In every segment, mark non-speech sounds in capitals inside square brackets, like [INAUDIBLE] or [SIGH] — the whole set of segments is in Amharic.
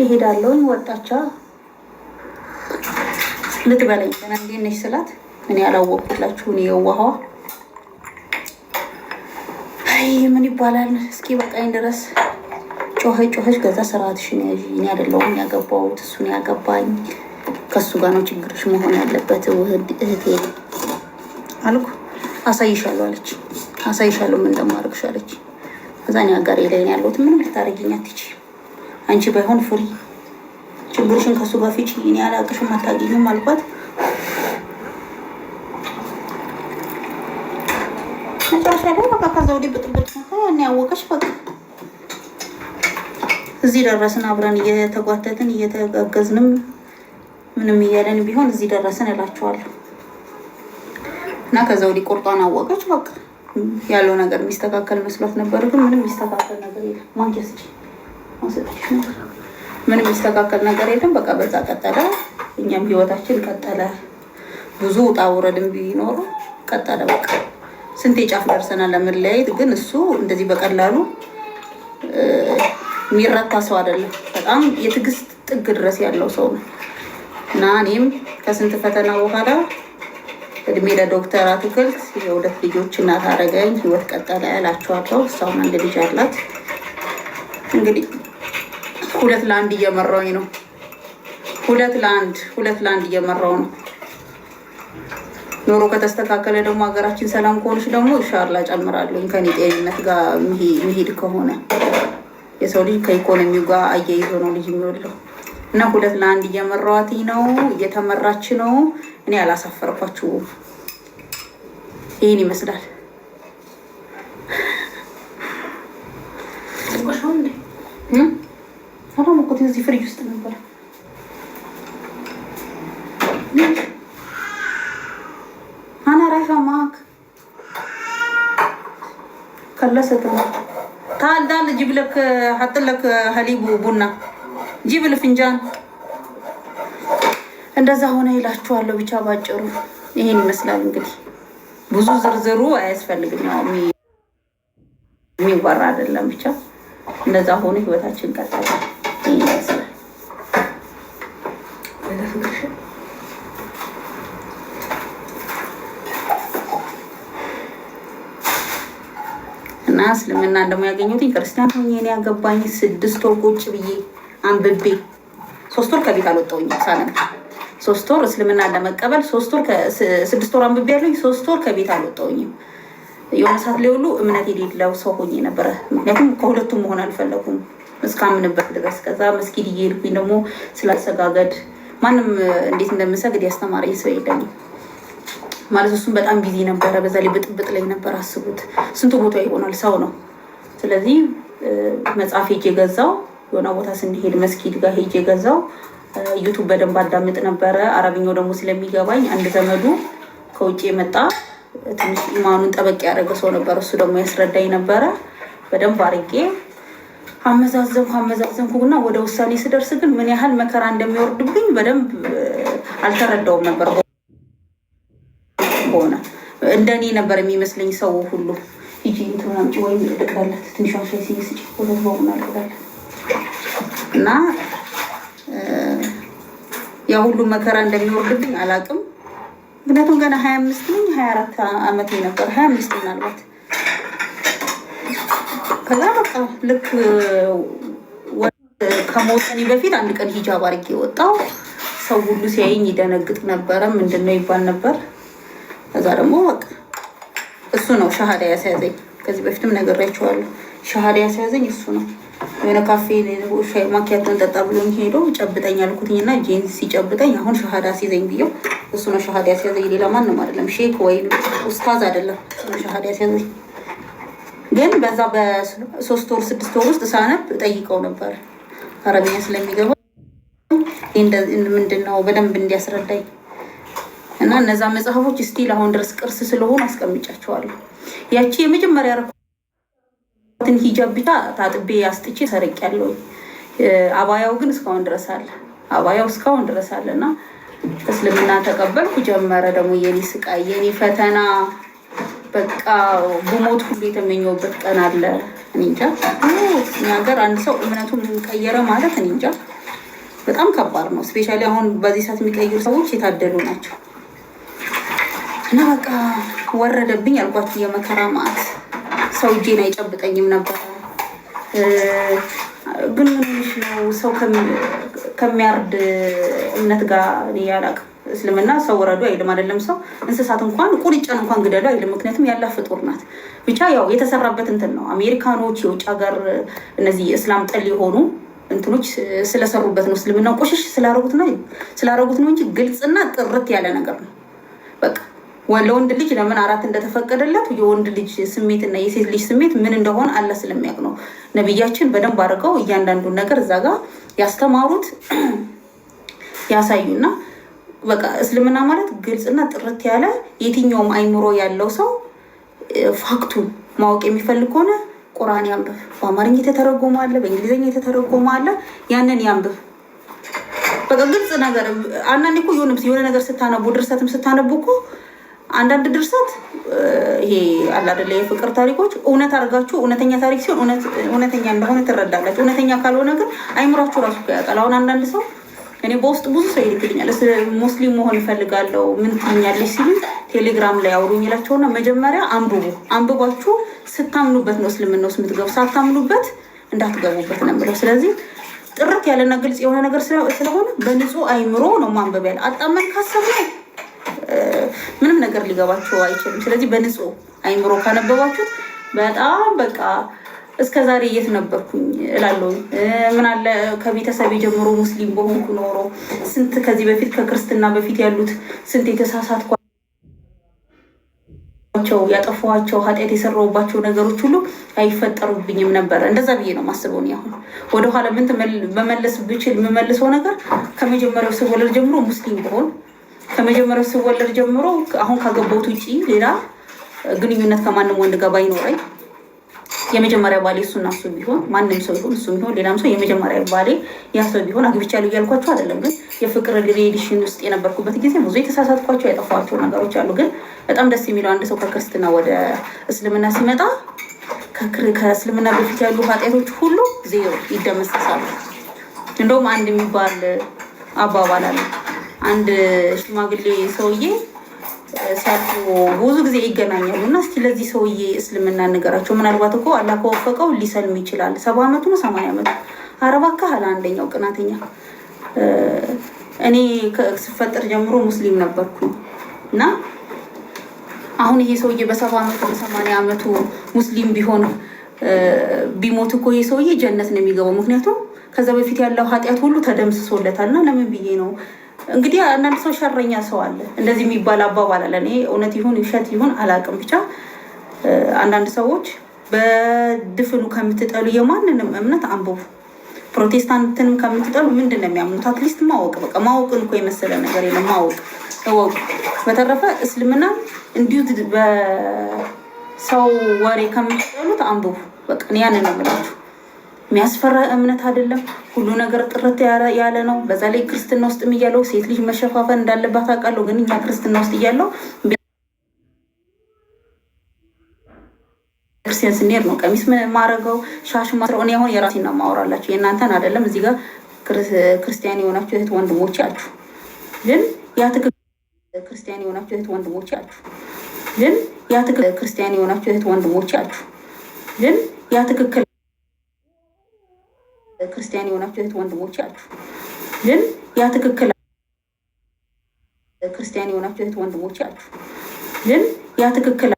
ይሄዳለሁኝ። ወጣቻ ልትበለኝ ገና እንዴት ነሽ ስላት እኔ ያላወቅኩላችሁ እኔ የዋህዋ አይ ምን ይባላል እስኪ በቃኝ ድረስ ጮኸ ጮኸች። ከዛ ስርዓትሽን ያዥ እኔ አይደለሁም ያገባሁት እሱን ያገባኝ ከሱ ጋር ነው ችግርሽ መሆን ያለበት እህቴ አልኩ። አሳይሻለሁ አለች። አሳይሻለሁ ምን እንደማደርግሽ አለች። ከዛ እኔ አጋሬ ላይ ነው ያለሁት። ምንም ልታደርጊኝ አትችይም አንቺ ባይሆን ፍሪ፣ ችግርሽን ከሱ ጋር ፊቺ፣ እኔ አላቅሽም አታውቂኝም አልኳት። መጨረሻ ላይ በቃ ከዛ ወዲህ ብጥብጥ ያኔ ያወቀች በቃ እዚህ ደረስን። አብረን እየተጓተትን እየተጋገዝንም ምንም እያለን ቢሆን እዚህ ደረስን እላችኋለሁ። እና ከዛ ወዲህ ቁርጧን አወቀች። በቃ ያለው ነገር የሚስተካከል መስሏት ነበር፣ ግን ምንም የሚስተካከል ነገር የለም። ማንኪያ ስጪ ምንም የሚስተካከል ነገር የለም። በቃ በዛ ቀጠለ፣ እኛም ህይወታችን ቀጠለ። ብዙ ውጣ ውረድም ቢኖሩ ቀጠለ። በቃ ስንቴ ጫፍ ደርሰናል ለመለያየት። ግን እሱ እንደዚህ በቀላሉ የሚረታ ሰው አይደለም። በጣም የትዕግስት ጥግ ድረስ ያለው ሰው ነው እና እኔም ከስንት ፈተና በኋላ እድሜ ለዶክተር አትክልት የሁለት ልጆች እናት አደረገኝ። ህይወት ቀጠለ እላቸዋለሁ። እሷም አንድ ልጅ አላት እንግዲህ ሁለት ለአንድ እየመራውኝ ነው። ሁለት ለአንድ ሁለት ለአንድ እየመራው ነው። ኑሮ ከተስተካከለ ደግሞ ሀገራችን ሰላም ከሆነች ደግሞ ኢንሻአላ ጨምራለሁ። ከኔ ጤንነት ጋር የሚሄድ ከሆነ የሰው ልጅ ከኢኮኖሚው ጋር አያይዞ ነው ልጅ የሚወለው እና ሁለት ለአንድ እየመራዋት ነው፣ እየተመራች ነው። እኔ አላሳፈርኳችሁ። ይህን ይመስላል። ሰላም እኮ እዚህ ፍሪጅ ውስጥ ነበር። አና ራሻ ማክ ከለሰት ታል ዳል ጅብ ሀሊቡ ቡና ጅብል ፍንጃን እንደዛ ሆነ ይላችኋለሁ። ብቻ ባጭሩ ይሄን ይመስላል እንግዲህ ብዙ ዝርዝሩ አያስፈልግም። ያው የሚወራ አይደለም ብቻ እንደዛ ሆነ ህይወታችን ቀጠለ። እና እስልምና ደግሞ ያገኘሁት ክርስቲያን ሆኜ እኔ ያገባኝ ስድስት ወር ቁጭ ብዬ አንብቤ ሶስት ወር ከቤት አልወጣሁኝ ሳነብ ሶስት ወር እስልምና ለመቀበል ሶስት ወር ስድስት ወር አንብቤ ያለኝ ሶስት ወር ከቤት አልወጣሁኝም። የሆነ ሰዓት ላይ ሁሉ እምነት የሌለው ሰው ሆኜ ነበረ። ምክንያቱም ከሁለቱም መሆን አልፈለኩም። እስካምንበት ድረስ ከዛ መስጊድ እየሄድኩኝ ደግሞ ስላሰጋገድ ማንም እንዴት እንደምሰግድ ያስተማረኝ ሰው የለኝም ማለት እሱም በጣም ቢዚ ነበረ። በዛ ላይ ብጥብጥ ላይ ነበር። አስቡት ስንቱ ቦታ ይሆናል ሰው ነው። ስለዚህ መጽሐፍ ሄጅ ገዛው። የሆነ ቦታ ስንሄድ መስጊድ ጋር ሄጅ ገዛው። ዩቱብ በደንብ አዳምጥ ነበረ። አረብኛው ደግሞ ስለሚገባኝ አንድ ዘመዱ ከውጭ የመጣ ትንሽ ኢማኑን ጠበቅ ያደረገ ሰው ነበር። እሱ ደግሞ ያስረዳኝ ነበረ በደንብ አርጌ አመዛዘንኩ አመዛዘንኩና ወደ ውሳኔ ስደርስ ግን ምን ያህል መከራ እንደሚወርድብኝ በደንብ አልተረዳውም ነበር። ሆነ እንደኔ ነበር የሚመስለኝ ሰው ሁሉ ወይም ልቅዳለት ትንሿ እና ያ ሁሉ መከራ እንደሚወርድብኝ አላቅም። ምክንያቱም ገና ሀያ አምስት ነኝ ሀያ አራት አመት ነበር ሀያ አምስት ምናልባት ከዛ በቃ ልክ ከመወሰኔ በፊት አንድ ቀን ሂጃብ አድርጌ የወጣው ሰው ሁሉ ሲያይኝ ይደነግጥ ነበረ። ምንድን ነው ይባል ነበር። ከዛ ደግሞ በቃ እሱ ነው ሻሃዳ ያስያዘኝ። ከዚህ በፊትም ነግሬያቸዋለሁ። ሻሃዳ ያስያዘኝ እሱ ነው። የሆነ ካፌ ሻይ ማኪያቶን ጠጣ ብሎ ሄዶ ጨብጠኝ አልኩትኝና ጄን ሲጨብጠኝ አሁን ሻሃዳ ሲዘኝ ብየው እሱ ነው ሻሃዳ ያስያዘኝ። ሌላ ማንም አይደለም። ሼክ ወይም ኡስታዝ አይደለም። ሻሃዳ ያስያዘኝ ግን በዛ በሶስት ወር ስድስት ወር ውስጥ ሳነብ ጠይቀው ነበር አረብኛ ስለሚገባ ምንድን ነው በደንብ እንዲያስረዳኝ እና እነዛ መጽሐፎች ስቲል አሁን ድረስ ቅርስ ስለሆኑ አስቀምጫቸዋለሁ። ያቺ የመጀመሪያ ረትን ሂጃብ ብቻ ታጥቤ አስጥቼ ያለው አባያው ግን እስካሁን ድረስ አለ። አባያው እስካሁን ድረስ አለ እና እስልምና ተቀበልኩ ጀመረ ደግሞ የኔ ስቃይ የኔ ፈተና በቃ በሞት ሁሉ የተመኘውበት ቀን አለ። እንጃ እኛ ሀገር አንድ ሰው እምነቱን ቀየረ ማለት እንጃ በጣም ከባድ ነው። ስፔሻሊ አሁን በዚህ ሰዓት የሚቀይሩ ሰዎች የታደሉ ናቸው። እና በቃ ወረደብኝ ያልኳችሁ የመከራ ማዕት። ሰው እጄን አይጨብጠኝም ነበር። ግን ምንሽ ነው ሰው ከሚያርድ እምነት ጋር ያላቅም እስልምና ሰው ወረዱ አይልም። አይደለም ሰው እንስሳት እንኳን ቁልጫን እንኳን ግደሉ አይልም። ምክንያቱም ያላ ፍጡር ናት። ብቻ ያው የተሰራበት እንትን ነው። አሜሪካኖች፣ የውጭ ሀገር እነዚህ እስላም ጠል የሆኑ እንትኖች ስለሰሩበት ነው። እስልምና ቆሽሽ ስላረጉት ነው ስላረጉት ነው እንጂ ግልጽና ጥርት ያለ ነገር ነው። በቃ ለወንድ ልጅ ለምን አራት እንደተፈቀደለት የወንድ ልጅ ስሜት እና የሴት ልጅ ስሜት ምን እንደሆነ አለ ስለሚያውቅ ነው። ነቢያችን በደንብ አድርገው እያንዳንዱን ነገር እዛ ጋር ያስተማሩት ያሳዩና በቃ እስልምና ማለት ግልጽና ጥርት ያለ የትኛውም አይምሮ ያለው ሰው ፋክቱን ማወቅ የሚፈልግ ከሆነ ቁርአን ያንብብ። በአማርኛ የተተረጎመ አለ፣ በእንግሊዝኛ የተተረጎመ አለ። ያንን ያንብብ። በቃ ግልጽ ነገር። አንዳንዴ እኮ የሆነ የሆነ ነገር ስታነቡ ድርሰትም ስታነቡ እኮ አንዳንድ ድርሰት ይሄ አለ የፍቅር ታሪኮች እውነት አድርጋችሁ እውነተኛ ታሪክ ሲሆን እውነተኛ እንደሆነ ትረዳላችሁ። እውነተኛ ካልሆነ ግን አይምሯችሁ ራሱ ያውቃል። አሁን አንዳንድ ሰው እኔ በውስጥ ብዙ ሰው ይልክልኛል። ሙስሊም መሆን እፈልጋለሁ ምን ትኛለች ሲሉ ቴሌግራም ላይ አውሩኝ ይላቸውና መጀመሪያ አንብቡ። አንብባችሁ ስታምኑበት ነው እስልምና ውስጥ የምትገቡ፣ ሳታምኑበት እንዳትገቡበት ነው የምለው። ስለዚህ ጥርት ያለና ግልጽ የሆነ ነገር ስለሆነ በንጹህ አይምሮ ነው ማንበብ ያለ። አጣመን ካሰብ ነው ምንም ነገር ሊገባቸው አይችልም። ስለዚህ በንጹህ አይምሮ ካነበባችሁት በጣም በቃ እስከ ዛሬ የት ነበርኩኝ እላለሁ። ምናለ ከቤተሰብ ጀምሮ ሙስሊም በሆንኩ ኖሮ ስንት ከዚህ በፊት ከክርስትና በፊት ያሉት ስንት የተሳሳትኳቸው ያጠፋኋቸው ኃጢአት የሰራሁባቸው ነገሮች ሁሉ አይፈጠሩብኝም ነበር። እንደዛ ብዬ ነው ማስበውን። ያሁን ወደኋላ ምን መመለስ ብችል የምመልሰው ነገር ከመጀመሪያው ስወለድ ጀምሮ ሙስሊም በሆን ከመጀመሪያው ስወለድ ጀምሮ አሁን ካገባሁት ውጪ ሌላ ግንኙነት ከማንም ወንድ ጋር ባይኖረኝ የመጀመሪያ ባሌ እሱና እሱ ቢሆን ማንም ሰው ይሁን እሱ ቢሆን ሌላም ሰው የመጀመሪያ ባሌ ያ ሰው ቢሆን አግብቻለሁ እያልኳቸው አይደለም። ግን የፍቅር ሪሌሽን ውስጥ የነበርኩበት ጊዜ ብዙ የተሳሳትኳቸው የጠፋቸው ነገሮች አሉ። ግን በጣም ደስ የሚለው አንድ ሰው ከክርስትና ወደ እስልምና ሲመጣ ከእስልምና በፊት ያሉ ኃጢአቶች ሁሉ ዜሮ ይደመሰሳሉ። እንደውም አንድ የሚባል አባባል አለ። አንድ ሽማግሌ ሰውዬ ሳቱ ብዙ ጊዜ ይገናኛሉ እና እስቲ ለዚህ ሰውዬ እስልምና ነገራቸው። ምናልባት እኮ አላህ ከወፈቀው ሊሰልም ይችላል። ሰባ አመቱ ነው ሰማንያ አመቱ አረባ ካህል አንደኛው ቅናተኛ። እኔ ስፈጠር ጀምሮ ሙስሊም ነበርኩ እና አሁን ይሄ ሰውዬ በሰባ አመቱ በሰማንያ አመቱ ሙስሊም ቢሆን ቢሞት እኮ ይሄ ሰውዬ ጀነት ነው የሚገባው። ምክንያቱም ከዛ በፊት ያለው ኃጢአት ሁሉ ተደምስሶለታል እና ለምን ብዬ ነው እንግዲህ አንዳንድ ሰው ሸረኛ ሰው አለ፣ እንደዚህ የሚባል አባባል አለ። እኔ እውነት ይሁን ውሸት ይሁን አላውቅም። ብቻ አንዳንድ ሰዎች በድፍኑ ከምትጠሉ የማንንም እምነት አንብቡ። ፕሮቴስታንትንም ከምትጠሉ ምንድን ነው የሚያምኑት? አትሊስት ማወቅ በቃ ማወቅን እኮ የመሰለ ነገር የለም። ማወቅ እወቁ። በተረፈ እስልምና እንዲሁ በሰው ወሬ ከምትጠሉት አንብቡ። በቃ ያንን ነው የምላችሁ። የሚያስፈራ እምነት አይደለም። ሁሉ ነገር ጥርት ያለ ነው። በዛ ላይ ክርስትና ውስጥ እያለው ሴት ልጅ መሸፋፈን እንዳለባት አውቃለሁ። ግን እኛ ክርስትና ውስጥ እያለው ክርስቲያን ስንሄድ ነው ቀሚስ ማረገው ሻሽ ማስረው። እኔ አሁን የራሴን ነው የማወራላችሁ የእናንተን አይደለም። እዚህ ጋር ክርስቲያን የሆናችሁ እህት ወንድሞች አችሁ ግን ያ ክርስቲያን የሆናችሁ እህት ወንድሞች አችሁ ግን ያ ትክክል ክርስቲያን የሆናችሁ እህት ወንድሞች አችሁ ግን ያ ትክክል ክርስቲያን የሆናችሁ እህት ወንድሞች አሉ። ግን ያ ትክክል ክርስቲያን የሆናችሁ እህት ወንድሞች አሉ። ግን ያ ትክክል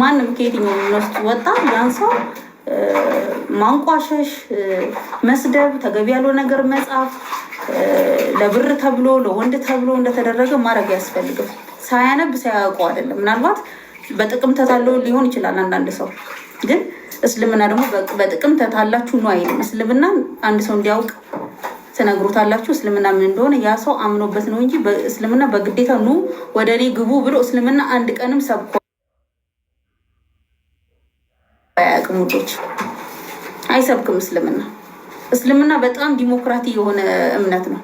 ማንም ከየትኛው ዩኒቨርስቲ ወጣ ያን ሰው ማንቋሸሽ፣ መስደብ፣ ተገቢ ያለው ነገር መጻፍ፣ ለብር ተብሎ ለወንድ ተብሎ እንደተደረገ ማድረግ አያስፈልግም። ሳያነብ ሳያውቀው አይደለም። ምናልባት በጥቅም ተታለ ሊሆን ይችላል። አንዳንድ ሰው ግን እስልምና ደግሞ በጥቅም ተታላችሁ ነው አይልም። እስልምና አንድ ሰው እንዲያውቅ ትነግሩታላችሁ እስልምና ምን እንደሆነ ያ ሰው አምኖበት ነው እንጂ እስልምና በግዴታ ኑ ወደ እኔ ግቡ ብሎ እስልምና አንድ ቀንም ሰብኮ አይሰብቅም ውዶች፣ አይሰብክም። እስልምና እስልምና በጣም ዲሞክራቲ የሆነ እምነት ነው።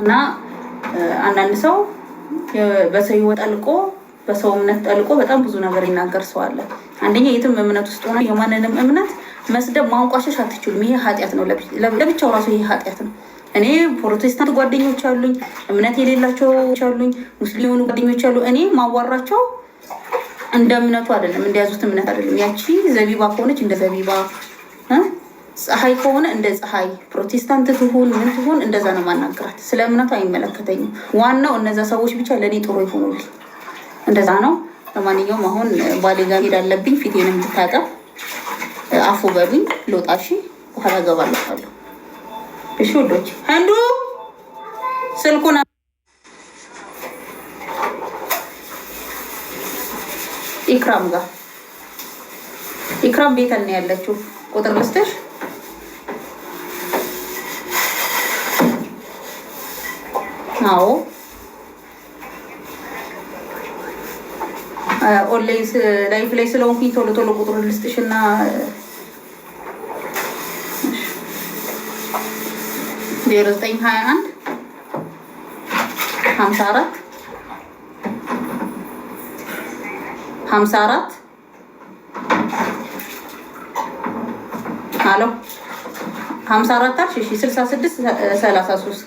እና አንዳንድ ሰው በሰው ህይወት ጠልቆ በሰው እምነት ጠልቆ በጣም ብዙ ነገር ይናገር ሰው አለ። አንደኛ የትም እምነት ውስጥ ሆነ የማንንም እምነት መስደብ፣ ማንቋሸሽ አትችሉም። ይሄ ኃጢአት ነው ለብቻው ራሱ ይሄ ኃጢአት ነው። እኔ ፕሮቴስታንት ጓደኞች አሉኝ፣ እምነት የሌላቸው አሉኝ፣ ሙስሊም የሆኑ ጓደኞች አሉ። እኔ ማዋራቸው እንደ እምነቱ አይደለም፣ እንደያዙት እምነት አይደለም። ያቺ ዘቢባ ከሆነች እንደ ዘቢባ ፀሐይ ከሆነ እንደ ፀሐይ ፕሮቴስታንት ትሁን ምን ትሁን እንደዛ ነው ማናገራት። ስለ እምነቱ አይመለከተኝም። ዋናው እነዛ ሰዎች ብቻ ለእኔ ጥሩ ይሆኑልኝ። እንደዛ ነው። ለማንኛውም አሁን ባሌ ጋር ሄድ አለብኝ። ፊቴን የምትታጠብ አፉ በሉኝ። ሎጣሺ በኋላ ገባለሁ። እሺ ወዶች አንዱ ስልኩን ኢክራም ጋር ኢክራም ቤተል ያለችው። ቁጥር ልስጥሽ አዎ ኦንላይን ላይፍ ላይ ስለሆንኩኝ ቶሎ ቶሎ ቁጥሩ ልስጥሽ እና ዜሮ ዘጠኝ ሀያ አንድ ሀምሳ አራት ሀምሳ አራት አለው ሀምሳ አራት አልሽ ስልሳ ስድስት ሰላሳ ሶስት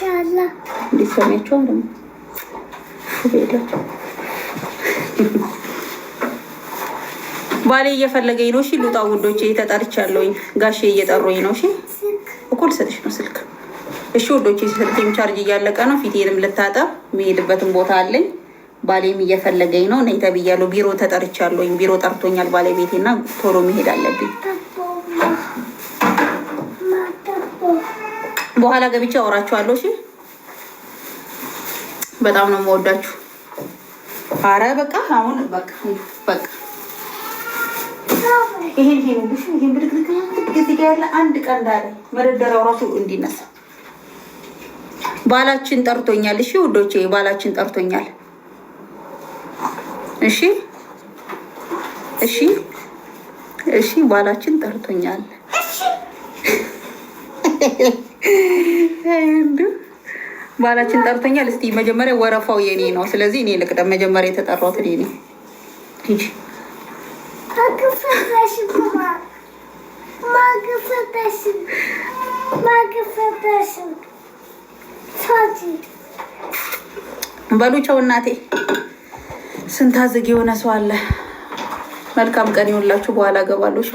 እንዲሰሚያቸው አለ ባሌ እየፈለገኝ ነው። እሺ ልውጣ ውዶቼ፣ ተጠርቻለሁኝ። ጋሼ እየጠሩኝ ነው። እሺ እኮ ልሰጥሽ ነው ስልክ። እሺ ውዶቼ፣ ስልኬም ቻርጅ እያለቀ ነው። ፊቴንም ልታጠብ የሚሄድበትን ቦታ አለኝ። ባሌም እየፈለገኝ ነው። ነይ ተብያለሁ። ቢሮ ተጠርቻለሁኝ። ቢሮ ጠርቶኛል ባለቤቴና ቶሎ መሄድ አለብኝ። በኋላ ገብቼ አወራችኋለሁ። እሺ በጣም ነው የምወዳችሁ። አረ በቃ አሁን በቃ በቃ ይሄን ይሄን ብሽ ይሄን ብድግድግ እዚህ ጋር ያለ አንድ ቀን ዳለ መደርደሪያው ራሱ እንዲነሳ ባላችን ጠርቶኛል። እሺ ውዶቼ ባላችን ጠርቶኛል። እሺ እሺ እሺ ባላችን ጠርቶኛል። እሺ [LAUGHS] ባላችን ጠርተኛል። እስቲ መጀመሪያ ወረፋው የኔ ነው። ስለዚህ እኔ ልቅደም። መጀመሪያ የተጠሯት እኔ ነው። በሉ ቻው እናቴ። ስንት የሆነ ሰው አለ። መልካም ቀን ይሁንላችሁ። በኋላ እገባለሁ።